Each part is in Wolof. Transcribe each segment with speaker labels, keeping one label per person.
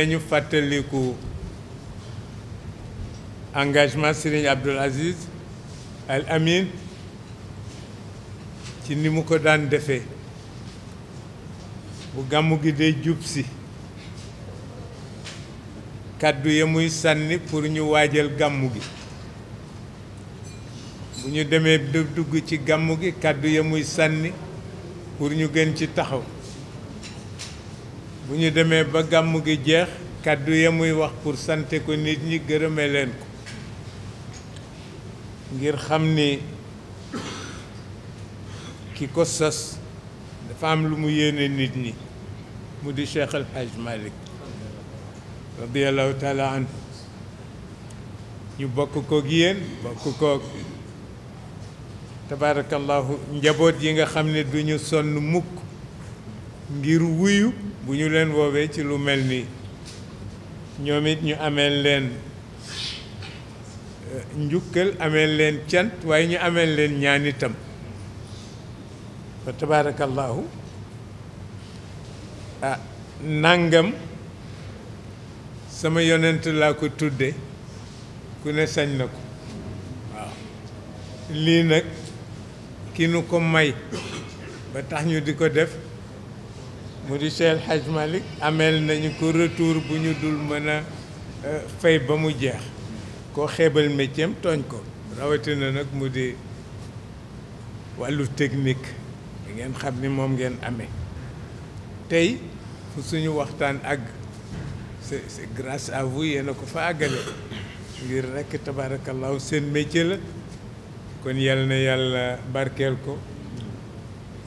Speaker 1: nañu fàttaliku engagement Serigne Abdoul Aziz Al Amin ci ni mu ko daan defee bu gàmm gi dee jub si kàddu ya muy sànni pour ñu waajal gàmmu gi bu ñu demee dugg ci gàmmu gi kàddu ya muy sànni pour ñu gën ci taxaw buñu démé ba gamu gi jeex kàddu yamuy wax pour sante ko nit ñi gërëme len ko ngir xamni ki ko sos dafa am lu mu yéene nit ñi mu di Cheikh El Hadj Malick radiallahu taala an ñu bokk ko gi yéen bokk ko tabarakallah njabot yi nga xamni duñu sonn mukk ngir wuyu bu ñu leen woowee ci lu mel ni ñoom it ñu ameel leen euh, njukkal ameel leen cant waaye ñu ameel leen ñaanitam itam fa tabaarakallaahu ah sama yonent laa ko tudde ku ne sañ na ko waaw lii nag ki nu ko may ba tax ñu di ko def mu di Cheikh El Hadj Malick ameel nañu ko retour bu ñu dul mën a euh, fay ba mu jeex koo xeebal métier am tooñ ko rawatina nag mu di wàllu technique bi ngeen xam ni moom ngeen ame tey fu suñu waxtaan àgg c'est c'est grâce à vous yéen ko fa àggale ngir rekk tabaarakallaahu seen métier la kon yal na yàlla barkeel ko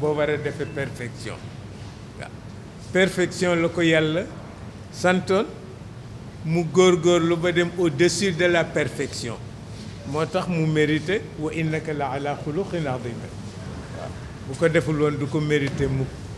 Speaker 1: boo de perfection perfection la ko yàlla santoon mu ba dem au-dessus de la perfection moo tax mu mérité wa innaka la ala xuluqin adima waaw bu ko deful woon du ko mérité mukk